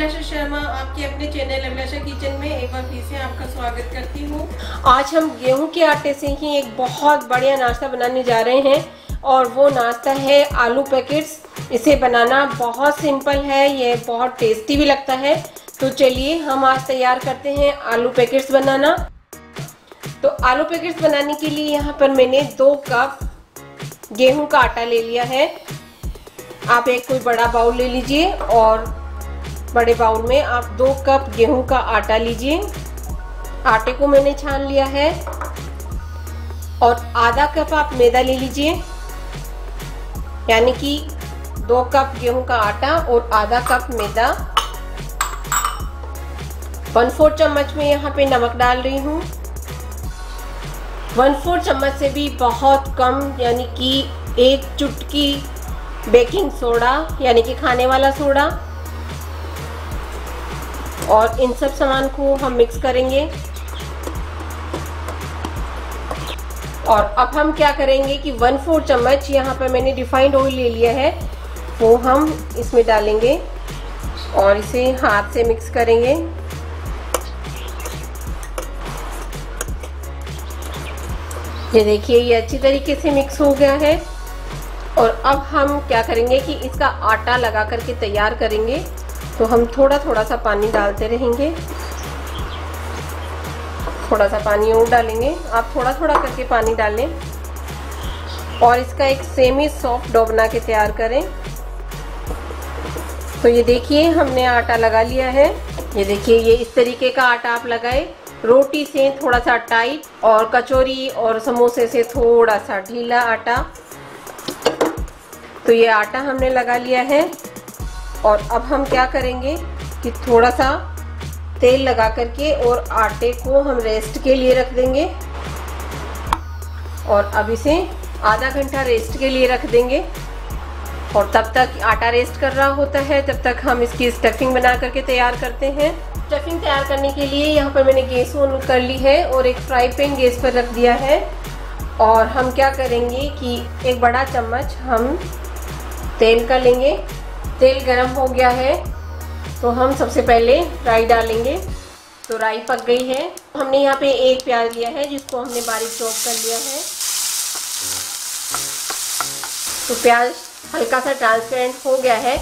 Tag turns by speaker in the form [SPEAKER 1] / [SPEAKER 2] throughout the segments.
[SPEAKER 1] अभिलाषा शर्मा आपके अपने चैनल अभिलाषा किचन में एक बार फिर से आपका स्वागत करती हूँ आज हम गेहूं के आटे से ही एक बहुत बढ़िया नाश्ता बनाने जा रहे हैं और वो नाश्ता है आलू पैकेट्स इसे बनाना बहुत सिंपल है ये बहुत टेस्टी भी लगता है तो चलिए हम आज तैयार करते हैं आलू पैकेट्स बनाना तो आलू पैकेट्स बनाने के लिए यहाँ पर मैंने दो कप गेहूं का आटा ले लिया है आप एक कोई बड़ा बाउल ले लीजिए और बड़े बाउल में आप दो कप गेहूं का आटा लीजिए आटे को मैंने छान लिया है और आधा कप आप मैदा ले लीजिए यानी कि दो कप गेहूं का आटा और आधा कप मैदा वन फोर चम्मच में यहाँ पे नमक डाल रही हूँ वन फोर चम्मच से भी बहुत कम यानी कि एक चुटकी बेकिंग सोडा यानी कि खाने वाला सोडा और इन सब सामान को हम मिक्स करेंगे और अब हम क्या करेंगे कि वन फोर चम्मच यहाँ पर मैंने रिफाइंड ऑयल ले लिया है वो हम इसमें डालेंगे और इसे हाथ से मिक्स करेंगे ये देखिए ये अच्छी तरीके से मिक्स हो गया है और अब हम क्या करेंगे कि इसका आटा लगा करके तैयार करेंगे तो हम थोड़ा थोड़ा सा पानी डालते रहेंगे थोड़ा सा पानी और डालेंगे आप थोड़ा थोड़ा करके पानी डालें और इसका एक सेमी सॉफ्ट डो बना के तैयार करें तो ये देखिए हमने आटा लगा लिया है ये देखिए ये इस तरीके का आटा आप लगाए रोटी से थोड़ा सा टाइट और कचौरी और समोसे से थोड़ा सा ढीला आटा तो ये आटा हमने लगा लिया है और अब हम क्या करेंगे कि थोड़ा सा तेल लगा करके और आटे को हम रेस्ट के लिए रख देंगे और अब इसे आधा घंटा रेस्ट के लिए रख देंगे और तब तक आटा रेस्ट कर रहा होता है तब तक हम इसकी स्टफिंग बना करके तैयार करते हैं स्टफिंग तैयार करने के लिए यहाँ पर मैंने गैस ऑन कर ली है और एक फ्राई पैन गैस पर रख दिया है और हम क्या करेंगे कि एक बड़ा चम्मच हम तेल का लेंगे तेल गर्म हो गया है तो हम सबसे पहले राई डालेंगे तो राई पक गई है हमने यहाँ पे एक प्याज लिया है जिसको हमने बारीक चॉप कर लिया है तो प्याज हल्का सा ट्रांसपेरेंट हो गया है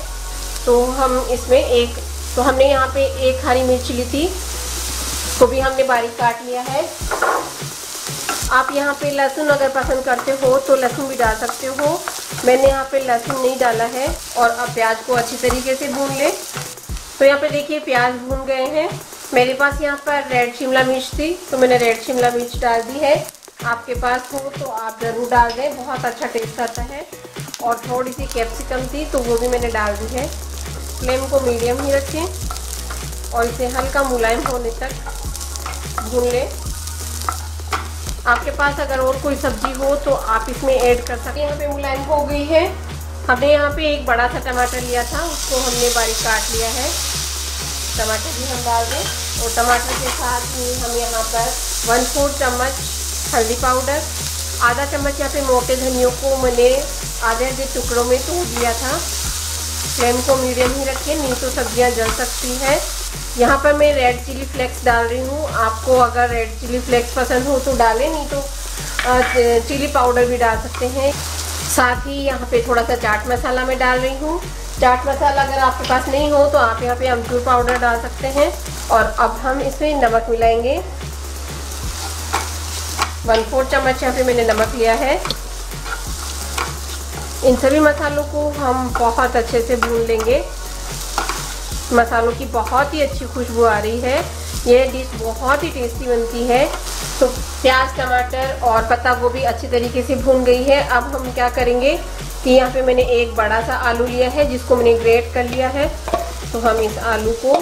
[SPEAKER 1] तो हम इसमें एक तो हमने यहाँ पे एक हरी मिर्च ली थी उसको भी हमने बारीक काट लिया है आप यहाँ पे लहसुन अगर पसंद करते हो तो लहसुन भी डाल सकते हो मैंने यहाँ पे लहसुन नहीं डाला है और अब प्याज को अच्छी तरीके से भून लें तो यहाँ पे देखिए प्याज भून गए हैं मेरे पास यहाँ पर रेड शिमला मिर्च थी तो मैंने रेड शिमला मिर्च डाल दी है आपके पास हो तो आप ज़रूर डाल दें बहुत अच्छा टेस्ट आता है और थोड़ी सी कैप्सिकम थी तो वो भी मैंने डाल दी है फ्लेम को मीडियम ही रखें और इसे हल्का मुलायम होने तक भून लें आपके पास अगर और कोई सब्जी हो तो आप इसमें ऐड कर सकते हैं यहाँ पे मुलायम हो गई है हमने यहाँ पे एक बड़ा सा टमाटर लिया था उसको हमने बारीक काट लिया है टमाटर भी हम डाल दें और टमाटर के साथ ही हम यहाँ पर वन फोर चम्मच हल्दी पाउडर आधा चम्मच यहाँ पे मोटे धनियों को मैंने आधे आधे टुकड़ों में तोड़ दिया था फ्लेम को मीडियम ही रखें नहीं तो सब्जियाँ जल सकती हैं यहाँ पर मैं रेड चिली फ्लेक्स डाल रही हूँ आपको अगर रेड चिली फ्लेक्स पसंद हो तो डालें नहीं तो चिली पाउडर भी डाल सकते हैं साथ ही यहाँ पे थोड़ा सा चाट मसाला मैं डाल रही हूँ चाट मसाला अगर आपके पास नहीं हो तो आप यहाँ पे अमचूर पाउडर डाल सकते हैं और अब हम इसमें नमक मिलाएंगे वन फोर चम्मच यहाँ पे मैंने नमक लिया है इन सभी मसालों को हम बहुत अच्छे से भून लेंगे मसालों की बहुत ही अच्छी खुशबू आ रही है ये डिश बहुत ही टेस्टी बनती है तो प्याज टमाटर और पत्ता गोभी अच्छी तरीके से भून गई है अब हम क्या करेंगे कि यहाँ पे मैंने एक बड़ा सा आलू लिया है जिसको मैंने ग्रेट कर लिया है तो हम इस आलू को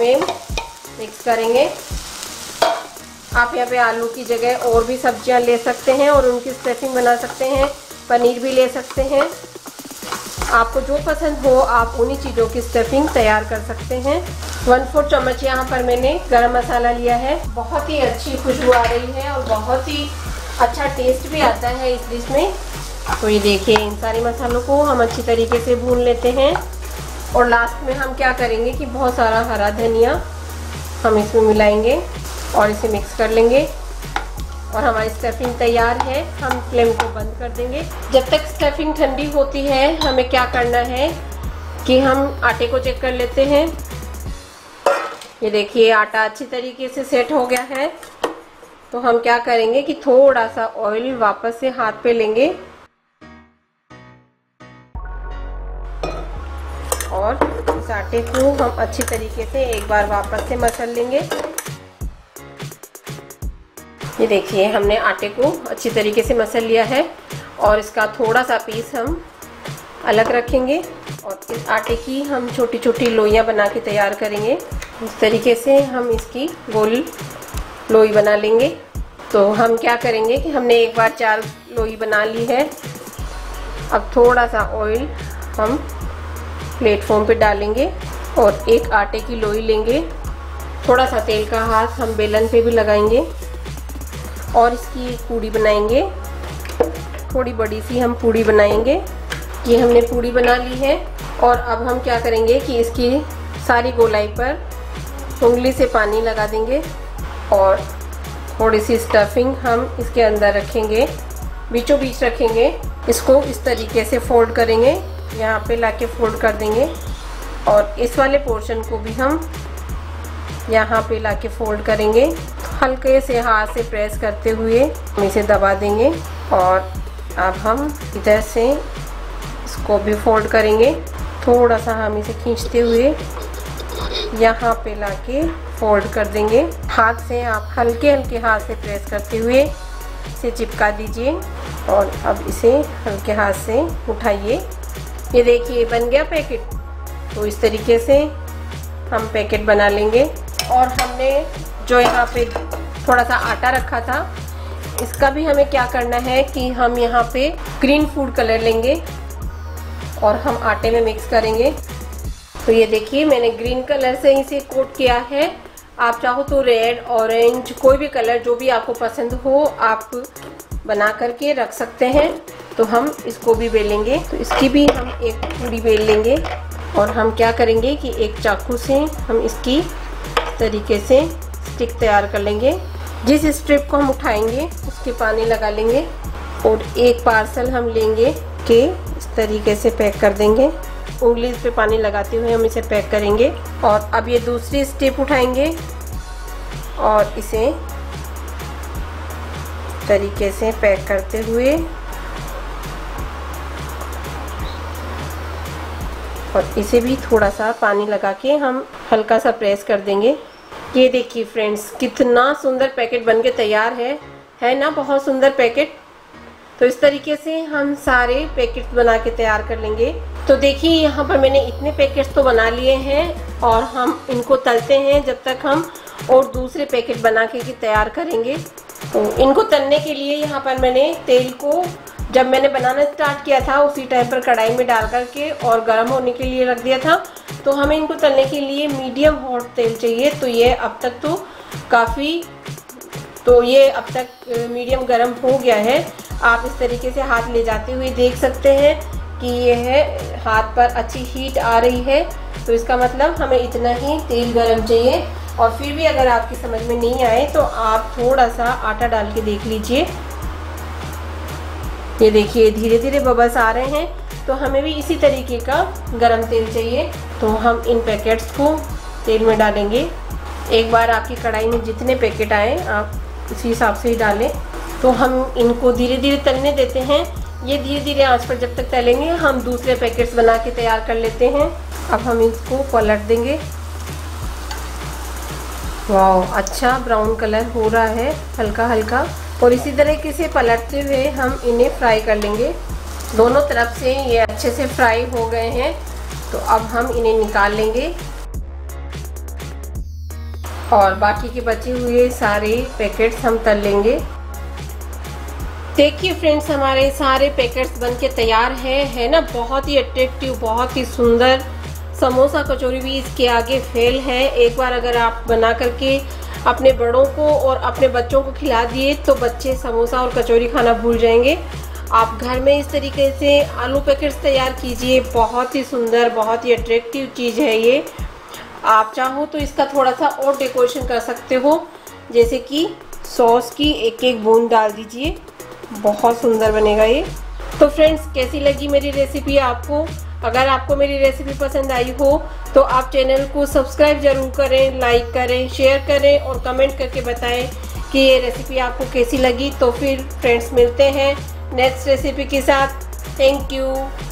[SPEAKER 1] में मिक्स करेंगे आप यहाँ पे आलू की जगह और भी सब्जियाँ ले सकते हैं और उनकी स्टफिंग बना सकते हैं पनीर भी ले सकते हैं आपको जो पसंद हो आप उन्हीं चीज़ों की स्टफिंग तैयार कर सकते हैं वन फोर चम्मच यहाँ पर मैंने गरम मसाला लिया है बहुत ही अच्छी खुशबू आ रही है और बहुत ही अच्छा टेस्ट भी आता है इस डिश में तो ये देखिए इन सारे मसालों को हम अच्छी तरीके से भून लेते हैं और लास्ट में हम क्या करेंगे कि बहुत सारा हरा धनिया हम इसमें मिलाएंगे और इसे मिक्स कर लेंगे और हमारी स्टफिंग तैयार है हम फ्लेम को बंद कर देंगे जब तक स्टफिंग ठंडी होती है हमें क्या करना है कि हम आटे को चेक कर लेते हैं ये देखिए आटा अच्छी तरीके से सेट हो गया है तो हम क्या करेंगे कि थोड़ा सा ऑयल वापस से हाथ पे लेंगे और इस आटे को हम अच्छी तरीके से एक बार वापस से मसल लेंगे ये देखिए हमने आटे को अच्छी तरीके से मसल लिया है और इसका थोड़ा सा पीस हम अलग रखेंगे और इस आटे की हम छोटी छोटी लोइयाँ बना के तैयार करेंगे इस तरीके से हम इसकी गोल लोई बना लेंगे तो हम क्या करेंगे कि हमने एक बार चार लोई बना ली है अब थोड़ा सा ऑयल हम प्लेटफॉर्म पे डालेंगे और एक आटे की लोई लेंगे थोड़ा सा तेल का हाथ हम बेलन पे भी लगाएंगे और इसकी पूड़ी बनाएंगे थोड़ी बड़ी सी हम पूड़ी बनाएंगे ये हमने पूड़ी बना ली है और अब हम क्या करेंगे कि इसकी सारी गोलाई पर उंगली से पानी लगा देंगे और थोड़ी सी स्टफिंग हम इसके अंदर रखेंगे बीचों बीच रखेंगे इसको इस तरीके से फोल्ड करेंगे यहाँ पे लाके फोल्ड कर देंगे और इस वाले पोर्शन को भी हम यहाँ पे लाके फोल्ड करेंगे हल्के से हाथ से प्रेस करते हुए हम इसे दबा देंगे और अब हम इधर से इसको भी फोल्ड करेंगे थोड़ा सा हम इसे खींचते हुए यहाँ पे लाके फोल्ड कर देंगे हाथ से आप हल्के हल्के हाथ से प्रेस करते हुए इसे चिपका दीजिए और अब इसे हल्के हाथ से उठाइए ये देखिए बन गया पैकेट तो इस तरीके से हम पैकेट बना लेंगे और हमने जो यहाँ पे थोड़ा सा आटा रखा था इसका भी हमें क्या करना है कि हम यहाँ पे ग्रीन फूड कलर लेंगे और हम आटे में मिक्स करेंगे तो ये देखिए मैंने ग्रीन कलर से इसे कोट किया है आप चाहो तो रेड ऑरेंज कोई भी कलर जो भी आपको पसंद हो आप बना करके रख सकते हैं तो हम इसको भी बेलेंगे तो इसकी भी हम एक पूरी बेल लेंगे और हम क्या करेंगे कि एक चाकू से हम इसकी तरीके से स्टिक तैयार कर लेंगे जिस स्ट्रिप को हम उठाएंगे उसके पानी लगा लेंगे और एक पार्सल हम लेंगे के इस तरीके से पैक कर देंगे उंगली पे पानी लगाते हुए हम इसे पैक करेंगे और अब ये दूसरी स्टेप उठाएंगे और इसे तरीके से पैक करते हुए और इसे भी थोड़ा सा पानी लगा के हम हल्का सा प्रेस कर देंगे ये देखिए फ्रेंड्स कितना सुंदर पैकेट बनके तैयार है है ना बहुत सुंदर पैकेट तो इस तरीके से हम सारे पैकेट बना के तैयार कर लेंगे तो देखिए यहाँ पर मैंने इतने पैकेट्स तो बना लिए हैं और हम इनको तलते हैं जब तक हम और दूसरे पैकेट बना के तैयार करेंगे तो इनको तलने के लिए यहाँ पर मैंने तेल को जब मैंने बनाना स्टार्ट किया था उसी टाइम पर कढ़ाई में डाल करके और गर्म होने के लिए रख दिया था तो हमें इनको तलने के लिए मीडियम हॉट तेल चाहिए तो ये अब तक तो काफ़ी तो ये अब तक मीडियम गर्म हो गया है आप इस तरीके से हाथ ले जाते हुए देख सकते हैं कि ये है हाथ पर अच्छी हीट आ रही है तो इसका मतलब हमें इतना ही तेल गर्म चाहिए और फिर भी अगर आपकी समझ में नहीं आए तो आप थोड़ा सा आटा डाल के देख लीजिए ये देखिए धीरे धीरे बबल्स आ रहे हैं तो हमें भी इसी तरीके का गरम तेल चाहिए तो हम इन पैकेट्स को तेल में डालेंगे एक बार आपकी कढ़ाई में जितने पैकेट आए आप उसी हिसाब से ही डालें तो हम इनको धीरे धीरे तलने देते हैं ये धीरे धीरे आंच पर जब तक तलेंगे हम दूसरे पैकेट्स बना के तैयार कर लेते हैं अब हम इसको पलट देंगे वाह अच्छा ब्राउन कलर हो रहा है हल्का हल्का और इसी तरीके से पलटते हुए हम इन्हें फ्राई कर लेंगे दोनों तरफ से ये अच्छे से फ्राई हो गए हैं तो अब हम इन्हें निकाल लेंगे और बाकी के बचे हुए सारे पैकेट्स हम तल लेंगे देखिए फ्रेंड्स हमारे सारे पैकेट्स बनके तैयार हैं है ना बहुत ही अट्रेक्टिव बहुत ही सुंदर समोसा कचौरी भी इसके आगे फेल है एक बार अगर आप बना करके अपने बड़ों को और अपने बच्चों को खिला दिए तो बच्चे समोसा और कचौरी खाना भूल जाएंगे आप घर में इस तरीके से आलू पैकेट्स तैयार कीजिए बहुत ही सुंदर बहुत ही अट्रैक्टिव चीज़ है ये आप चाहो तो इसका थोड़ा सा और डेकोरेशन कर सकते हो जैसे कि सॉस की एक एक बूंद डाल दीजिए बहुत सुंदर बनेगा ये तो फ्रेंड्स कैसी लगी मेरी रेसिपी आपको अगर आपको मेरी रेसिपी पसंद आई हो तो आप चैनल को सब्सक्राइब ज़रूर करें लाइक करें शेयर करें और कमेंट करके बताएं कि ये रेसिपी आपको कैसी लगी तो फिर फ्रेंड्स मिलते हैं नेक्स्ट रेसिपी के साथ थैंक यू